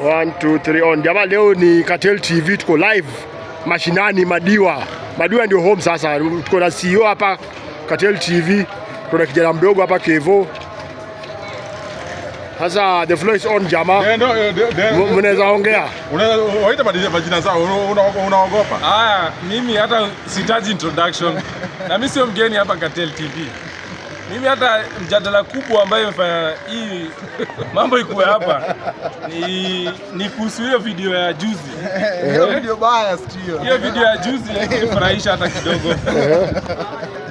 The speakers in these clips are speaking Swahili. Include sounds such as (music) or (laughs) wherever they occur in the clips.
One, two, three, on. Jamaa, leo ni Cartel TV, tuko live mashinani Madiwa. Madiwa ndio home sasa. Tuko na CEO hapa Cartel TV, tuko kijana mdogo hapa Kevo. Sasa the floor is on jamaa. Eh, eh, eh. Mnaweza ongea. Unawaita majina zao, unaogopa? Ah, mimi hata sitaji introduction. (laughs) Na mimi sio mgeni hapa Cartel TV. Mimi hata mjadala kubwa ambayo imefanya hii (laughs) mambo ikuwe hapa ni, ni kuhusu hiyo video ya juzi. Hiyo video baya sio. Hiyo video ya juzi ilifurahisha hata kidogo.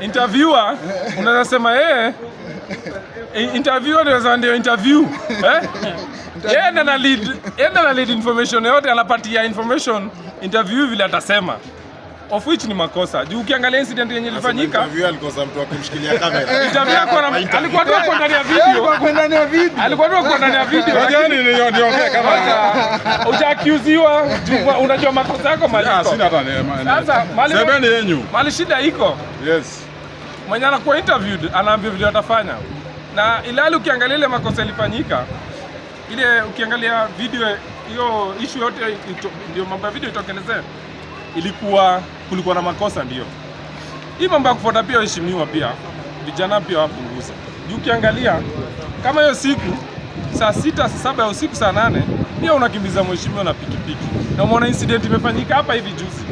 Interviewer unaweza sema yeye eh, interviewer ndio ndio interview. Eh? Yeye na lead, yeye na lead information yote anapatia information interview vile atasema of which ni makosa juu ukiangalia incident yenye ilifanyika, alikosa mtu kamera. (laughs) Interview yako alikuwa tu kwa ndani ya video, alikuwa tu kwa ndani ya video, unajua makosa yako ah, maliko. Sina hata sasa, mali yenu mali, shida iko yes, mwenye anakuwa interviewed anaambia vile atafanya, na ilali ukiangalia ile makosa ilifanyika ile, ukiangalia video hiyo, issue yote ndio mambo ya video itokelezea ilikuwa kulikuwa na makosa ndio. Hii mambo ya kufuata pia, waheshimiwa, pia vijana pia wapunguze juu, ukiangalia kama hiyo siku saa sita, saa saba ya usiku, saa nane pia unakimbiza mheshimiwa na pikipiki, na umeona incident imefanyika hapa hivi juzi,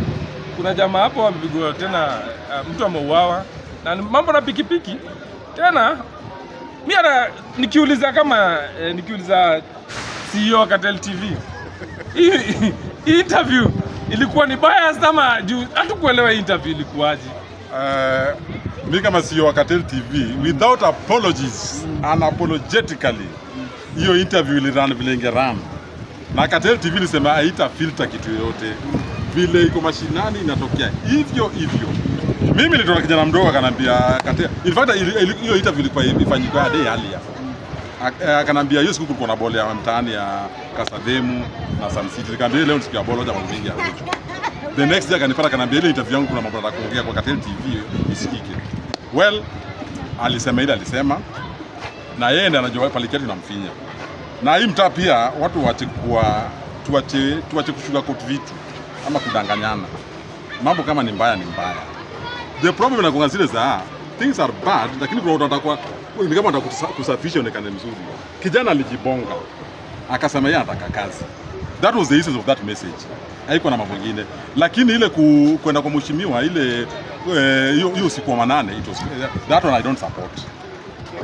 kuna jamaa hapo amepigwa tena, uh, mtu ameuawa na mambo na pikipiki tena. Mi hata nikiuliza kama eh, nikiuliza CEO wa TV hii interview ilikuwa ni bias ama juu hatukuelewa interview ilikuwaje? Uh, mi kama CEO wa Cartel TV without apologies unapologetically hiyo interview ilirun vile run na Cartel TV ilisema haita filter kitu yoyote, vile iko mashinani inatokea hivyo hivyo. Mimi nilitoka kijana mdogo akanambia Cartel, in fact hiyo interview ilikuwa ifanyika day earlier Eh, akanambia hiyo siku kulikuwa na bole ya mtaani ya Kasademu na Sun City. Nikamwambia leo siku ya bole hoja kuingia. The next day akanipata akanambia ile interview yangu kuna mambo ya kuongea kwa Katel TV isikike. Well, alisema ile alisema na yeye ndiye anajua pale na namfinya. Na hii mtaa pia watu waache kuwa tuache tuache kushuka kwa vitu ama kudanganyana. Mambo kama ni mbaya ni mbaya. The problem inakuwa zile za things are bad, lakini kuna watu ni kama watakusafisha kusafisha onekane mzuri. Kijana alijibonga akasema yeye anataka kazi. That was the essence of that message. Haiko na mambo mengine, lakini ile kwenda kwa mheshimiwa ile eh, hiyo uh, siku wa manane it was, that one I don't support.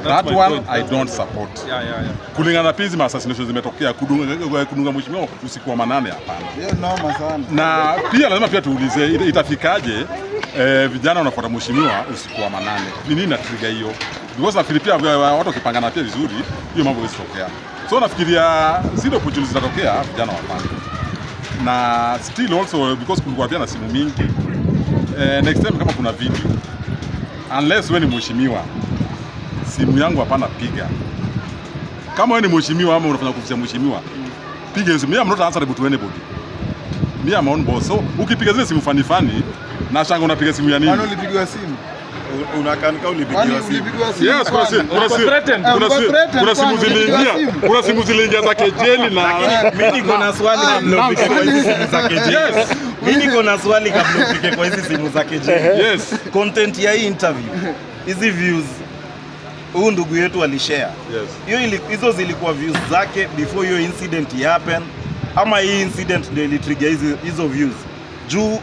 That one I don't support. Yeah, yeah, yeah. Kulingana na Pizima assassination zimetokea kudunga eh, kudunga mheshimiwa usiku wa manane hapana. Yeah, noma sana. Na pia lazima pia tuulize itafikaje eh, vijana wanafuata mheshimiwa usiku wa manane. Ni nini na trigger hiyo? Because nafikiri pia eh, watu wakipangana pia vizuri hiyo mambo haiwezi tokea. So nafikiria zile opportunities zitatokea vijana wapange. Na still also because kulikuwa pia na simu mingi. Eh, next time kama kuna video unless wewe ni mheshimiwa simu yangu hapana, piga. Kama wewe ni mheshimiwa ama unafanya kufisha mheshimiwa, piga simu. Mimi am not answerable to anybody. Mimi am on boss. So ukipiga zile simu fani fani na shanga, unapiga simu ya nini? Kwani ulipigwa simu? Unakanika ulipigwa simu. Yes, kwa simu. Kuna simu. Kuna simu ziliingia. Kuna simu ziliingia za kejeli na mimi niko na swali kabla upige kwa hizi simu za kejeli. Yes. Mimi niko na swali kabla upige kwa hizi simu za kejeli. Yes. Content ya hii interview. Hizi views huyu ndugu yetu alishare hiyo yes. Hizo zilikuwa views zake before hiyo incident happen, ama hii incident ndio ilitrigger hizo views juu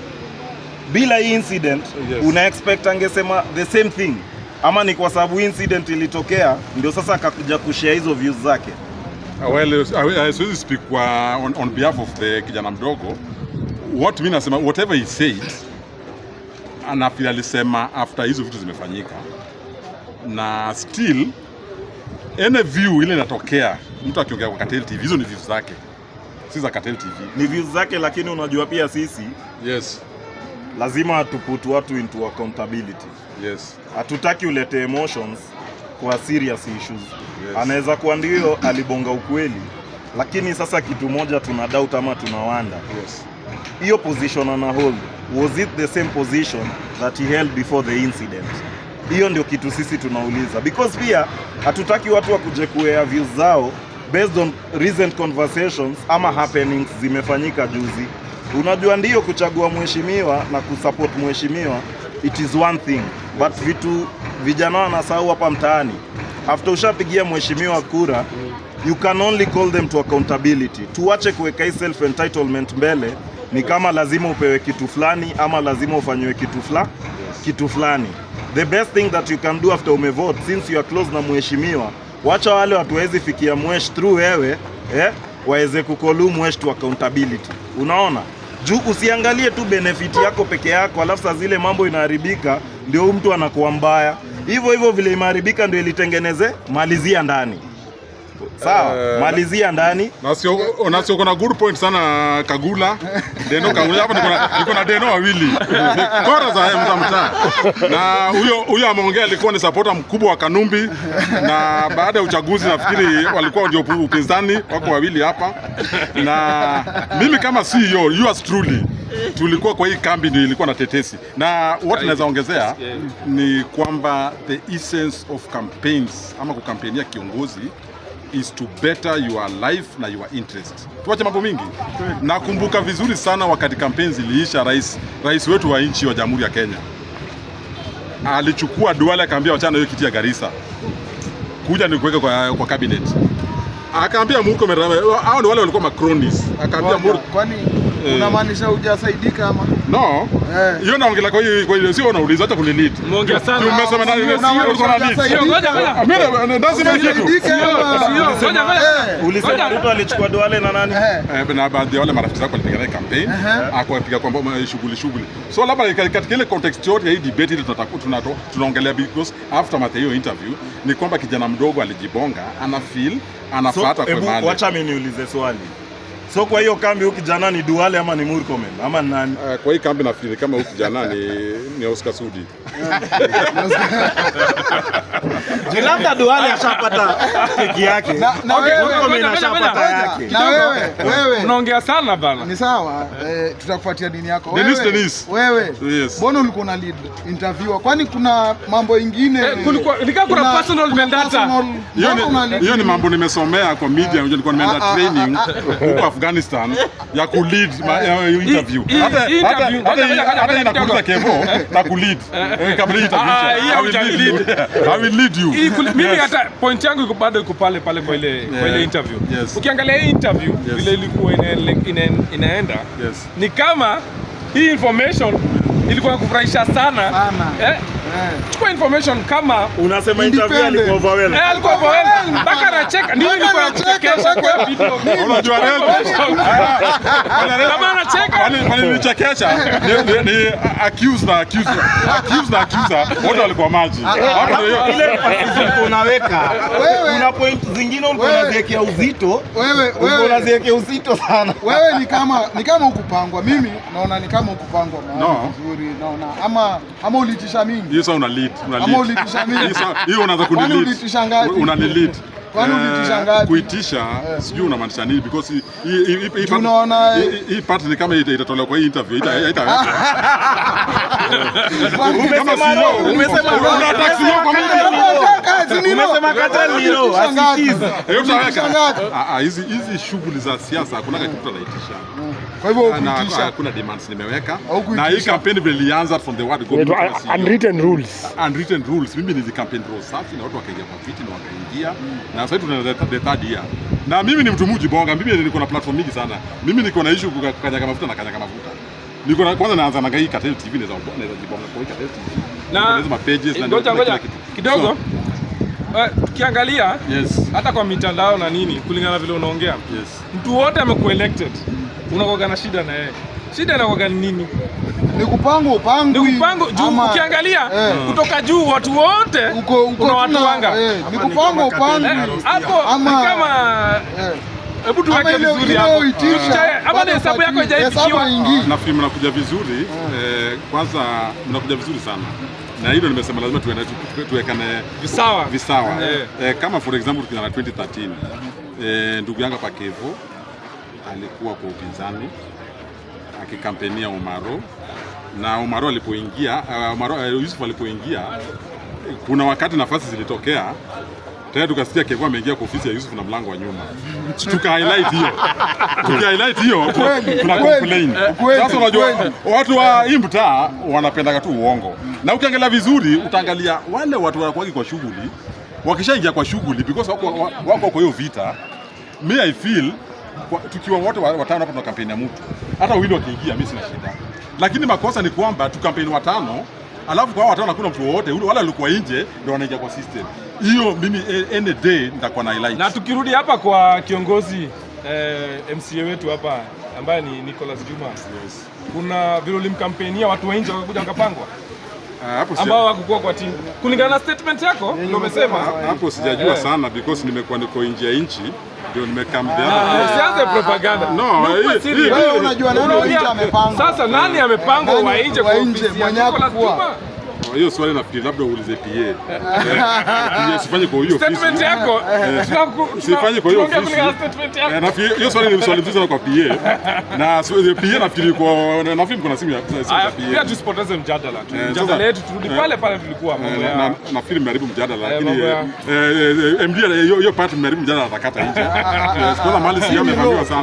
bila hii incident yes. Una expect angesema the same thing, ama ni kwa sababu incident ilitokea ndio sasa akakuja kushare hizo views zake. Ah, well, I speak kwa on, on behalf of the kijana mdogo. What mimi nasema whatever he said, anafikiri alisema after hizo vitu zimefanyika na still ene view ile inatokea mtu akiongea kwa Cartel TV, hizo ni views zake, si za Cartel TV, ni views zake. Lakini unajua pia sisi yes, lazima tuput watu into accountability. Yes, hatutaki ulete emotions kwa serious issues. Yes, anaweza kuwa ndio alibonga ukweli, lakini sasa kitu moja tuna doubt ama tunawanda yes, hiyo position ana hold was it the same position that he held before the incident? Hiyo ndio kitu sisi tunauliza, because pia hatutaki watu wakuje kuwea views zao based on recent conversations ama happenings zimefanyika juzi. Unajua, ndiyo kuchagua mheshimiwa na kusupport mheshimiwa it is one thing, but vitu vijana wanasahau hapa mtaani, after ushapigia mheshimiwa kura you can only call them to accountability. Tuache kuweka hii self entitlement mbele, ni kama lazima upewe kitu fulani ama lazima ufanyiwe kitu fulani kitu fulani. The best thing that you can do after umevote since you are close na mheshimiwa, wacha wale watu wawezi fikia mwesh through wewe eh, waweze kukolu mwesh to accountability. Unaona, juu usiangalie tu benefit yako peke yako, alafu saa zile mambo inaharibika, ndio mtu anakuwa mbaya. Hivyo hivyo vile imeharibika ndio ilitengeneze malizia ndani Sawa, eh, malizia ndani. Na sio kuna good point sana Kagula. Deno Kagula hapa niko na Deno wawili. Kora za mta mta. Na huyo huyo ameongea alikuwa ni supporter mkubwa wa Kanumbi na baada ya uchaguzi nafikiri walikuwa ndio upinzani wako wawili hapa. Na mimi kama CEO are truly tulikuwa kwa hii kambi ndio ilikuwa na tetesi, na what naweza ongezea ni kwamba the essence of campaigns ama kukampenia kiongozi is to better your life na your interest. Tuache mambo mingi. Nakumbuka vizuri sana wakati kampeni ziliisha, rais rais wetu wa nchi wa Jamhuri ya Kenya alichukua Duale akaambia wachana hiyo kiti ya Garissa kuja nikuweka kwa, kwa cabinet. Akaambia Murko Merame, hao ni wale walikuwa macronis. Akaambia Murko, kwani unamaanisha hujasaidika ama? No. Eh. Hiyo naongela kwa hiyo kwa hiyo sio unauliza hata kulilid. Umeongea sana. Umesema nani ile sio ulikuwa na lead. Ah, sio ngoja ngoja. Mimi lazima hiyo kitu. Sio ngoja ngoja. Eh. Ulisema mtu alichukua Duale na nani? Eh, bina eh, baadhi wale marafiki zako walipiga naye campaign, akawapiga kwamba shughuli shughuli. So labda katika ile context yote ya hii debate ile tunataka tunaongelea because after ya hiyo interview ni kwamba kijana mdogo alijibonga, ana feel anafuata kwa mali. So hebu wacha mimi niulize swali. So kwa hiyo kambi huyu jana ni Duale ama ni Murkomen ama nani? Uh, kwa hii kambi nafikiri kama huyu jana ni ni Oscar Sudi. Jilanda (laughs) Duale ashapata kiki yake. Na, na okay, wewe, Murkomen ashapata yake. Na wewe, wewe. Unaongea sana bana. Ni sawa. Eh, tutakufuatia dini yako. Wewe. Dennis Dennis. Wewe. Yes. Mbona ulikuwa na lead interview? Kwani kuna mambo ingine? Eh, kulikuwa ilikuwa kuna personal vendetta. Hiyo ni mambo nimesomea kwa media, unajua ah, nilikuwa nimeenda ah, ah, training huko Afghanistan ya ku kulead eh, eh, interview. Hata inakuuliza Kevo na ku lead. Eh, kabla interview. Ah, I will lead you. Mimi hata point yangu iko bado iko pale pale kwa ile kwa ile interview. Ukiangalia hii interview vile ilikuwa inaenda ni kama hii information ilikuwa kufurahisha sana. Sana. Eh? Chukua information kama unasema interview alikuwa overwhelmed. Eh, alikuwa overwhelmed. Mpaka anacheka. Ndio ni nilikuwa nachekesha kwa video. Unajua leo. Kama anacheka. Kwani kwani nilichekesha? Ni ni accused na accused. Accused na accused. Wote walikuwa maji. Ah, ah, Watu ile pasi ah, unaweka. Wewe Una point zingine unaziwekea uzito. Wewe wewe unaziwekea uzito sana. Wewe ni kama ni kama ukupangwa. Mimi naona ni kama ukupangwa mahali vizuri. Naona ama ama ulitisha mimi. Hii sasa una lead, una lead. Hiyo unaanza kuni lead. lead. Eh, kuitisha eh. sijui unamaanisha nini because hii tunaona hii part ni kama itatolewa kwa hii interview ita (laughs) kama sio umesema unataka sio kwa mimi umesema kata eh, nilo ah, ah, hizi hizi shughuli za siasa hakuna kitu kwa hivyo kuitisha demands nimeweka na hii campaign vile ilianza from the word go e unwritten rules unwritten rules mimi ni campaign rules safi na watu wakaingia kwa viti na wakaingia mm na sasa tuna the third year. Na mimi ni mtu bonga, mimi niko na platform mingi sana. Mimi niko na issue kukanyaga mafuta na kanyaga mafuta. Niko na kwanza naanza na Cartel TV naweza kuona naweza jibonga kwa Cartel TV. Na lazima pages na eh, ngoja ngoja kidogo. Uh, eh, tukiangalia yes, hata kwa mitandao na nini kulingana vile unaongea yes, mtu wote amekuelected, unakoga na shida na yeye Shida na wagani nini? Ni kupango upango. Ni kupango juu ukiangalia eh, kutoka juu watu wote uko uko watu wanga. Eh, ni kupango upango. Hapo ama kama Hebu tuweke vizuri eh, hapo. Ama ni eh. eh, hesabu yako haijafikiwa. Ah, nafikiri mnakuja vizuri. Eh, kwanza mnakuja vizuri sana na hilo nimesema lazima tuwekane visawa, visawa. Eh, kama for example tukiangalia 2013 eh, ndugu yangu Pakevo alikuwa kwa upinzani akikampenia Omaro na Omaro alipoingia, uh, eh, Omaro, uh, eh, Yusuf alipoingia, kuna wakati nafasi zilitokea tena tukasikia Kevo ameingia kwa ofisi ya Yusuf na mlango wa nyuma, tuka highlight hiyo, tuka highlight hiyo, tuna complain sasa. Unajua watu wa Imta wanapenda tu uongo, na ukiangalia vizuri utaangalia wale watu wanakuwagi kwa shughuli, wakishaingia kwa shughuli because wako wako kwa hiyo vita, me I feel kwa, tukiwa wote watano hapa tunakampeni kampeni ya mtu, hata wili wakiingia, mimi sina shida, lakini makosa ni kwamba tukampeni watano alafu kwa watano hakuna mtu wowote wale wala nje ndio wanaingia kwa system hiyo. Mimi any e, day nitakuwa na highlight. Na tukirudi hapa kwa kiongozi eh, MCA wetu hapa ambaye ni Nicholas Juma yes. Kuna vile ulimkampenia watu wa nje wakakuja wakapangwa Ah, ambao hakukuwa kwa timu kulingana na statement yako yaani ndio umesema hapo. Sijajua eh. sana because nimekuwa niko nje ya nchi ndio nimekamdea. Ah, ah, Usianze propaganda. No, unajua nani amepangwa. Sasa nani amepanga wa nje kwa nje ya Lazima? hiyo swali nafikiri labda uulize PA. PA sifanye kwa hiyo statement yako. Sifanye kwa hiyo ofisi. Nafikiri hiyo swali ni swali mzito kwa PA. Na PA nafikiri kwa nafikiri kuna simu ya PA. Pia tusipoteze mjadala. Mjadala yetu turudi pale pale tulikuwa mambo ya. Nafikiri mharibu mjadala lakini MD hiyo part mharibu mjadala atakata nje. Sikuna mali si yamevamiwa sana.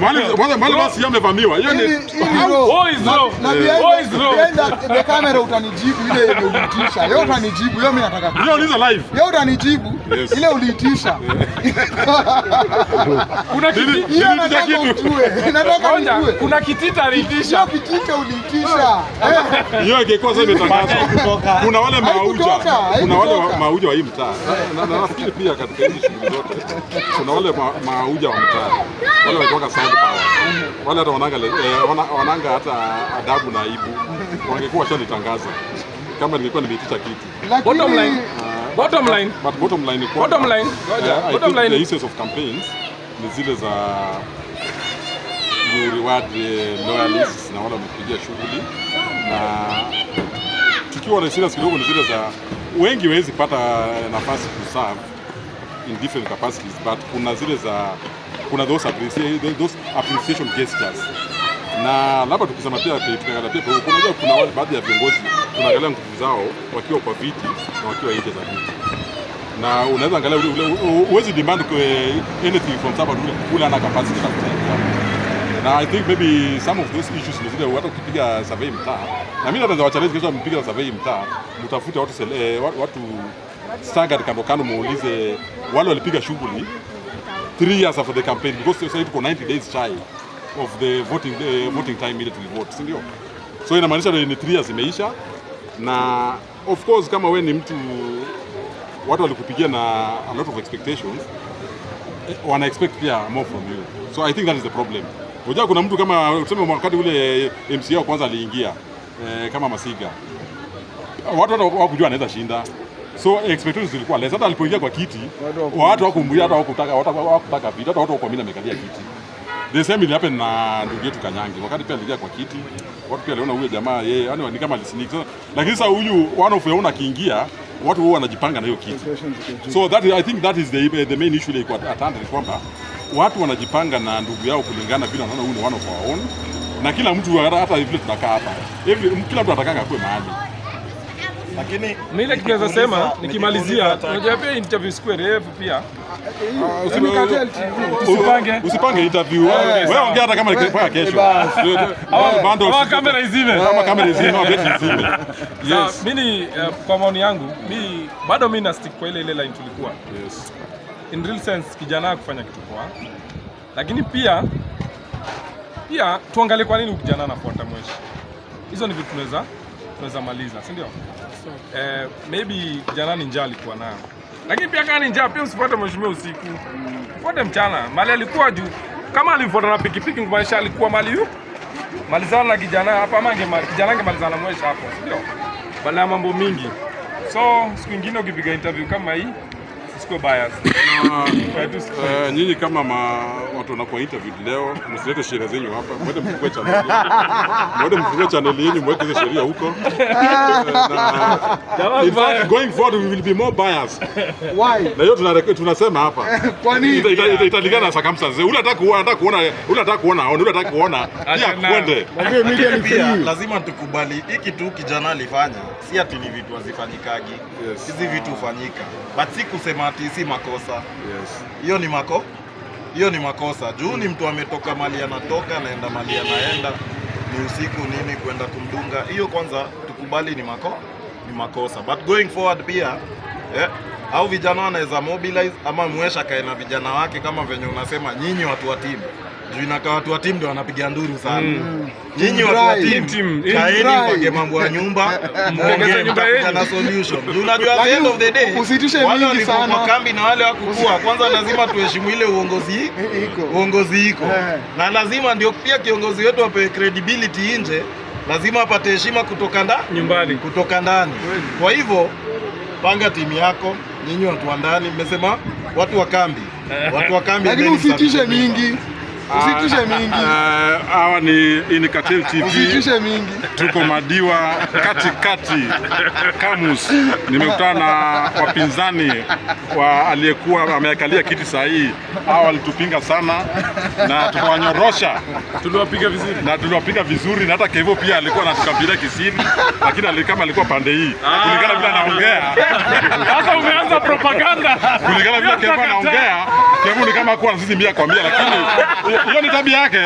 Mali mali basi si yamevamiwa. Hiyo ni. Boys is Boys Oh is wrong. kamera utanijia jibu ile yenye uliitisha. Yeye utanijibu, yeye mimi nataka. Yeye uliza live. Yeye utanijibu ile uliitisha. (laughs) Kuna kitu. (laughs) nataka ujue. Nataka ujue. Kuna kitita aliitisha. Kuna kitita uliitisha. (laughs) Yeye ingekuwa sasa imetangazwa. Kuna wale mauja. Kuna wale mauja wa hii mtaa. Na nafikiri pia katika hizi shughuli zote. Kuna wale mauja wa mtaa. Wale wanaitoka sound Wale hata wananga eh, wananga hata adabu na aibu wangekuwa washanitangaza kama nilikuwa nimeitisha kitu. Bottom line, ah, bottom line, but bottom line, bottom line, bottom line, the issues of campaigns ni zile za you reward the eh, loyalists na wale wamepigia shughuli, na tukiwa na serious kidogo ni zile za wengi wawezi pata nafasi to serve in different capacities, but kuna zile za kuna those appreciation, those appreciation gestures na labda tukisema pia tukikagala pia, unajua kuna wale baadhi ya viongozi tunaangalia nguvu zao wakiwa kwa viti na wakiwa nje za viti, na unaweza angalia ule uwezi demand kwa anything from somebody ule ana capacity ya kusaidia na I think maybe some of those issues ni zile watu ukipiga survey mtaa, na mimi naweza wachallenge kesho, mpiga survey mtaa, mtafute watu sele, eh, watu staggered kando kando, muulize wale walipiga shughuli 3 years after the campaign because sasa tuko 90 days shy of the voting, the voting time immediately vote, si ndio? So inamaanisha ni 3 years imeisha, na of course kama we ni mtu watu walikupigia na a lot of expectations, wana expect pia more from you, so I think that is the problem. Unajua kuna mtu kama tuseme, wakati ule MCA wa kwanza aliingia eh, kama Masiga, watu hata hawakujua anaweza shinda so expectations zilikuwa less. Hata alipoingia kwa kiti watu hawakumjua, hata hawakutaka, hawakutaka vita, hata watu wako mimi amekalia kiti the same it happened na ndugu yetu Kanyangi, wakati pia aliingia kwa kiti, watu pia aliona huyo jamaa yeye, yani ni kama alisneak lakini sasa huyu one of yaona akiingia watu wao wanajipanga na hiyo kiti, so that I think that is the, eh, the main issue iko at hand, kwamba watu wanajipanga na ndugu yao kulingana vile wanaona huyu ni one of our own, na kila mtu hata vile tunakaa hapa hivi, kila mtu atakanga kwa mahali lakini mimi ile naweza sema nikimalizia, unajua pia interview siku refu pia. Ah, yaani usipange usipange interview. Eh, Wewe ongea hata kama nikipanga kesho. Au (laughs) bando au kamera izime. Kama kamera izime au beti (laughs) izime. Yes. Mimi eh, kwa maoni yangu, mimi bado mimi na stick kwa ile ile line tulikuwa. Yes. In real sense kijana kufanya kitu kwa, Lakini pia pia tuangalie kwa nini kijana anafuata mweshi. Hizo ni vitu tunaweza tunaweza maliza, si ndio? Eh, maybe jana ni njaa alikuwa nayo, lakini pia kama ni njaa pia usifuate mheshimiwa usiku, fuate mchana. Mali alikuwa juu, kama na pikipiki, kumaanisha alikuwa mali yu malizana na kijana hapa, ama kijana malizana mwesha hapo, si ndio? Bala mambo mingi, so siku ingine ukipiga interview kama hii tuko bias na nyinyi kama ma, watu wanakuwa interview leo, msilete sheria zenyu hapa, mwende mfungue channel mwende mfungue channel yenu mweke hizo sheria huko. (laughs) In fact, going forward we will be more biased. Why? Na hiyo tunasema hapa. Kwa nini? Italingana na circumstances. Ule anataka kuona, anataka kuona, ule anataka kuona, ule anataka kuona. Pia kwende. Pia lazima tukubali hiki tu kijana alifanya, si ati ni vitu hazifanyikagi. Hizi vitu hufanyika. But si kusema penalty si makosa. Yes. Hiyo ni mako hiyo ni makosa juu ni mtu ametoka mali anatoka anaenda mali anaenda, ni usiku nini, kwenda kumdunga hiyo, kwanza tukubali ni mako ni makosa, but going forward pia yeah. au vijana wanaweza mobilize ama mwesha kae na vijana wake kama venye unasema nyinyi watu wa timu juu inakaa watu wa timu ndio wanapiga nduru sana. Mm. Nyinyi watu wa timu kaeni kwa mambo ya nyumba (laughs) muongee na solution. Juu unajua at the end of the day usitishe mingi sana wale kambi na wale wakukua, kwanza lazima tuheshimu ile uongozi iko uongozi iko eh. na lazima ndio pia kiongozi wetu apewe credibility nje, lazima apate heshima kutoka ndani nyumbani kutoka ndani, kwa hivyo panga timu yako nyinyi, watu wa ndani mmesema, watu wa kambi, eh. watu wa kambi, lakini usitishe mingi Usitushe mingi. Eh, hawa ni Inikateli TV. Usitushe mingi. Tuko Madiwa katikati Kamus. Nimekutana na wapinzani wa aliyekuwa ameakalia kiti hii. Hawa walitupinga sana na tukawanyorosha. Tuliwapiga vizuri. Na tuliwapiga vizuri na hata Kevo pia alikuwa anatukabiria kisini lakini alikama alikuwa pande hii. Ah. Kulingana vile anaongea. Sasa umeanza propaganda. Kulingana vile Kevo anaongea, Kevo ni kama kuwa na sisi mia kwa mia lakini hiyo ni tabia yake.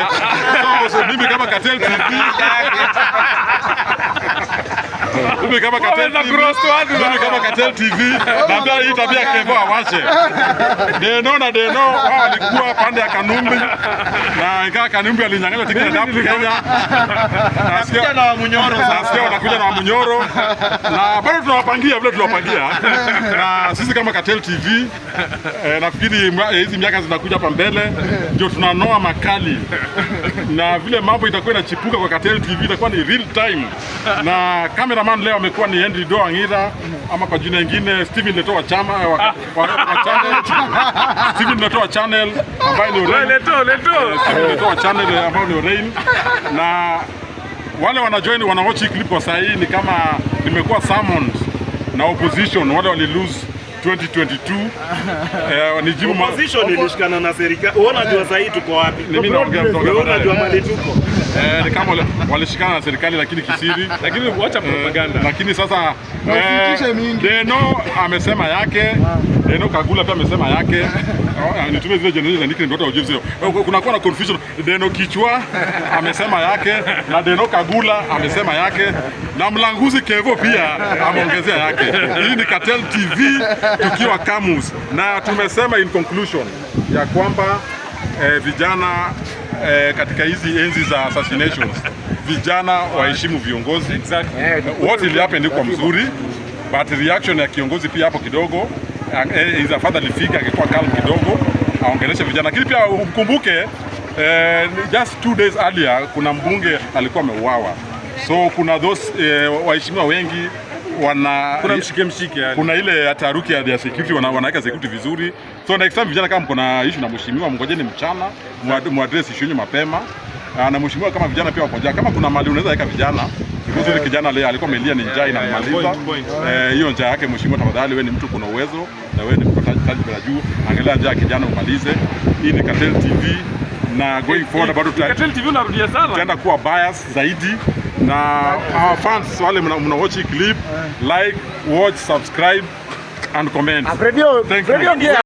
So, (laughs) so mimi kama Cartel TV (laughs) mimi kama Cartel TV, mimi kama Cartel TV naambia hii tabia Kevo awache. Deno na Deno wao walikuwa pande ya Kanumbi na ingawa Kanumbi alinyang'anya tiketi ya dafu yaani Kenya, nasikia na Munyoro, nasikia watakuja na Munyoro na bado tunawapangia vile tunawapangia, na sisi kama Cartel TV eh, nafikiri eh, hizi miaka zinakuja hapa mbele ndio tunanoa makali na vile mambo itakuwa inachipuka kwa Cartel TV itakuwa ni real time na cameraman leo leo amekuwa ni Henry Doa Ngira ama kwa jina lingine Steven Leto wa chama wa, wa, wa channel (laughs) Steven Leto wa channel ambaye ni Orain Leto Leto eh, Steven Leto wa channel eh, ambaye ni Orain na wale wana join wana watch clip kwa hii ni kama nimekuwa summoned na opposition wale wali lose 2022 eh, ni jibu opposition ilishikana na serikali. Unajua sasa hii tuko wapi? Mimi naongea kutoka. Unajua mali tuko eh, ni kama walishikana na serikali lakini kisiri, (laughs) lakini wacha eh, propaganda. Lakini sasa eh, Deno amesema yake Deno Kagula pia amesema yake (laughs) oh, eh, Nitume zile jeneri za nikini ndio ujibu zile. Eh, Kuna kuwa na confusion. Deno Kichwa (laughs) amesema yake na Deno Kagula amesema yake na Mlanguzi Kevo pia ameongezea yake. Hii ni Cartel TV tukiwa Kamus, na tumesema in conclusion ya kwamba eh, vijana eh, katika hizi enzi za assassinations vijana waheshimu viongozi exactly. Eh, What will happen ni kwa mzuri, but reaction ya kiongozi pia hapo kidogo eh, fatherly figure angekuwa calm kidogo, aongeleshe vijana, lakini pia ukumbuke eh, just two days earlier kuna mbunge alikuwa ameuawa, so kuna those eh, waheshimiwa wengi wana kuna mshike mshike yani. Kuna ile taharuki ya security wana, wanaweka security vizuri. So next time vijana, kama mko na issue na mheshimiwa, mngojeni mchana muaddress issue yenu mapema ah, na mheshimiwa, kama vijana pia wakoja, kama kuna mali unaweza weka vijana Kikuzi ile eh. kijana leo alikuwa amelia ni njaa eh, inamaliza. Eh, eh, hiyo njaa yake mheshimiwa, tafadhali wewe ni mtu kuna uwezo na wewe ni mtu tajiri bila juu, angalia njaa kijana umalize. Hii ni Cartel TV na going forward bado tutaenda kuwa bias zaidi na our fans wale mna watch clip like watch subscribe and comment. Ah, Thank Fredio